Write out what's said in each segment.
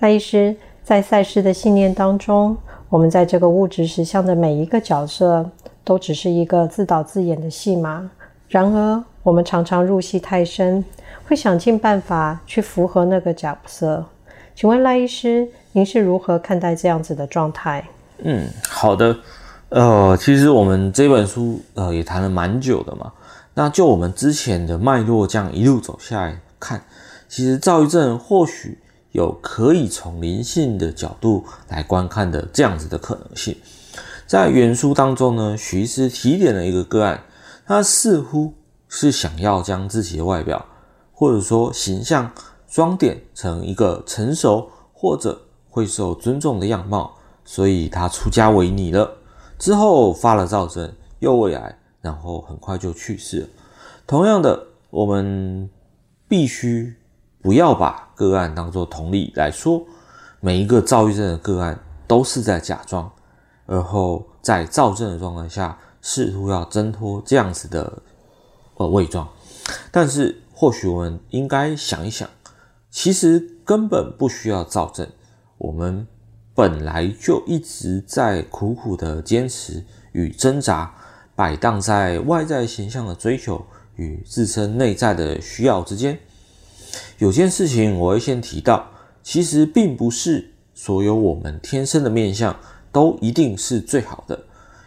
賴醫師，在賽斯的信念當中，我們在這個物質實相的每一個角色，都只是一個自導自演的戲碼。然而，我們常常入戲太深，會想盡辦法去符合那個角色。請問賴醫師，您是如何看待這樣子的狀態？嗯，好的。呃，其實我們這本書，呃，也談了蠻久的嘛。那就我們之前的脈絡這樣一路走下來看，其實躁鬱症或許。有可以從靈性的角度來觀看的這樣子的可能性，在原書當中呢，徐醫師提點了一個個案，他似乎是想要將自己的外表或者說形象裝點成一個成熟或者會受尊重的樣貌，所以他出家為尼了，之後發了躁症，又胃癌，然後很快就去世了。同樣的，我們必須。不要把個案當作同理來說，每一個躁鬱症的個案都是在假裝，而後在躁症的狀態下，試圖要掙脫這樣子的呃偽裝。但是或許我們應該想一想，其實根本不需要躁症，我們本來就一直在苦苦的堅持與掙扎，擺盪在外在形象的追求與自身內在的需要之間。有件事情我會先提到，其實並不是所有我們天生的面相都一定是最好的，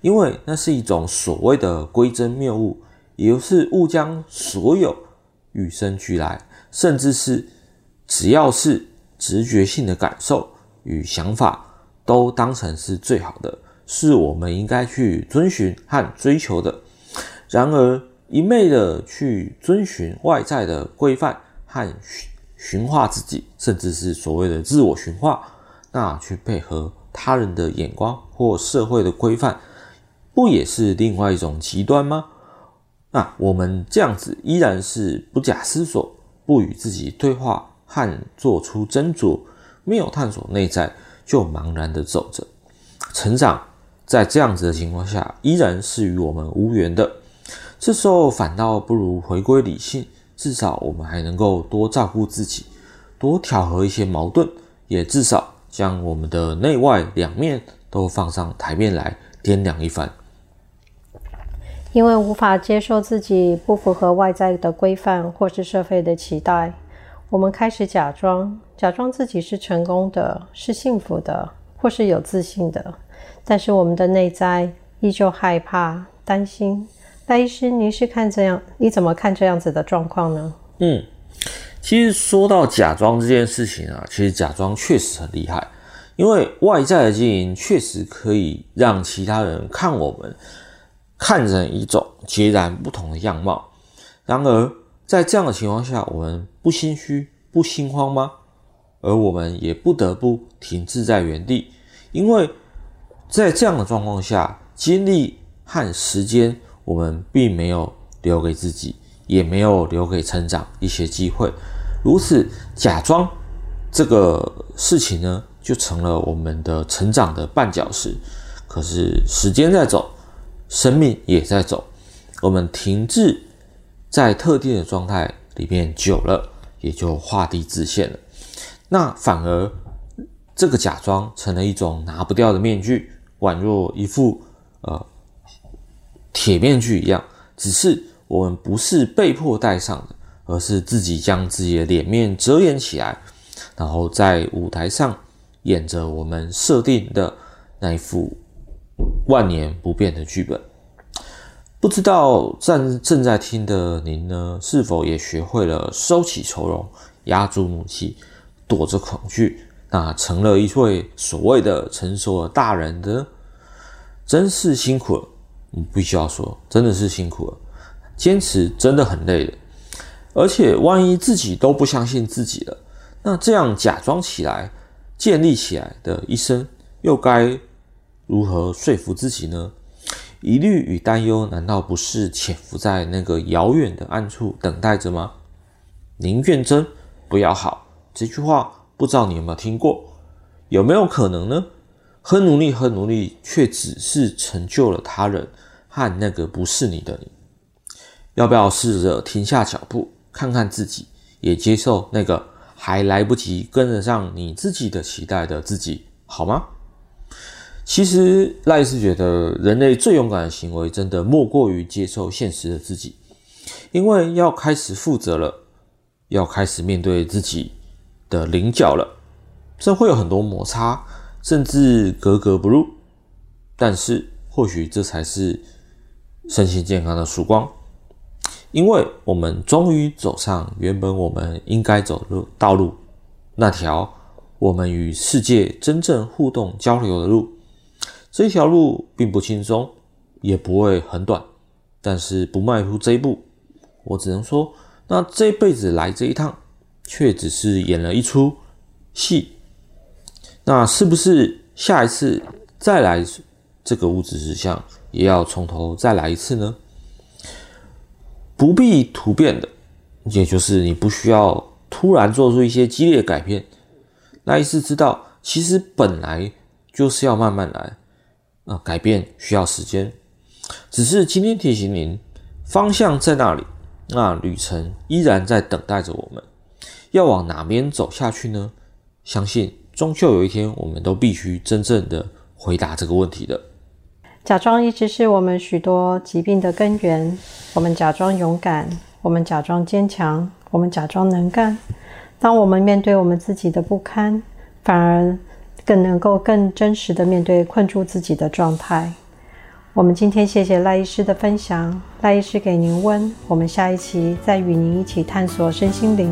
因為那是一種所謂的歸真謬誤，也就是誤將所有與生俱來，甚至是只要是直覺性的感受與想法，都當成是最好的，是我們應該去遵循和追求的。然而，一昧的去遵循外在的規範。和馴馴化自己，甚至是所謂的自我馴化。那去配合他人的眼光或社會的規範，不也是另外一種極端嗎？那我們這樣子依然是不假思索，不與自己對話和做出斟酌，沒有探索內在，就茫然的走着，成長在這樣子的情況下，依然是與我們無緣的。這時候反倒不如回歸理性。至少我們還能夠多照顧自己，多調和一些矛盾，也至少將我們的內外兩面都放上台面來掂量一番。因為無法接受自己不符合外在的規範或是社會的期待，我們開始假裝，假裝自己是成功的，是幸福的，或是有自信的，但是我們的內在依舊害怕、擔心。賴醫師，你是看這樣，你怎麼看這樣子的狀況呢？嗯，其實說到假裝這件事情啊，其實假裝確實很厲害，因為外在的經營確實可以讓其他人看我們看成一種截然不同的樣貌。然而，在這樣的情況下，我們不心虛、不心慌嗎？而我們也不得不停滯在原地，因為在這樣的狀況下，精力和時間。我們並沒有留給自己，也沒有留給成長一些機會，如此假裝這個事情呢，就成了我們的成長的絆腳石。可是時間在走，生命也在走，我們停滯在特定的狀態裡面久了，也就畫地自限了。那反而這個假裝成了一種拿不掉的面具，宛若一副呃。鐵面具一樣，只是我們不是被迫戴上的，而是自己將自己的臉面遮掩起來，然後在舞台上演着我們設定的那一副萬年不變的劇本。不知道正正在聽的您呢，是否也學會了收起愁容，壓住怒氣，躲着恐懼，那成了一位所謂的成熟的大人呢？真是辛苦了。你必須要說，真的是辛苦了，堅持真的很累的，而且萬一自己都不相信自己了，那這樣假裝起來、建立起來的一生，又該如何說服自己呢？疑慮與擔憂，難道不是潛伏在那個遙遠的暗處等待着嗎？寧願真，不要好。這句話不知道你有沒有聽過？有沒有可能呢？很努力，很努力，卻只是成就了他人和那個不是你的你。要不要試着停下腳步，看看自己，也接受那個還來不及跟得上你自己的期待的自己，好嗎？其實，賴醫師覺得人類最勇敢的行為，真的莫過於接受現實的自己，因為要開始負責了，要開始面對自己的稜角了，這會有很多摩擦。甚至格格不入，但是或許這才是身心健康的曙光，因為我們終於走上原本我們應該走的路道路，那條我們與世界真正互動交流的路。這條路並不輕鬆，也不會很短，但是不邁出這一步，我只能說，那這輩子來這一趟，卻只是演了一出戲。那是不是下一次再來這個物質實相，也要從頭再來一次呢？不必突變的，也就是你不需要突然做出一些激烈改變。那意思知道，其實本來就是要慢慢來啊，改變需要時間。只是今天提醒您，方向在那裡，那旅程依然在等待着我們。要往哪邊走下去呢？相信。終究有一天，我們都必須真正的回答這個問題的。假裝一直是我們許多疾病的根源。我們假裝勇敢，我們假裝堅強，我們假裝能幹。當我們面對我們自己的不堪，反而更能夠更真實的面對困住自己的狀態。我們今天謝謝賴醫師的分享，賴醫師給您問。我們下一期再與您一起探索身心靈。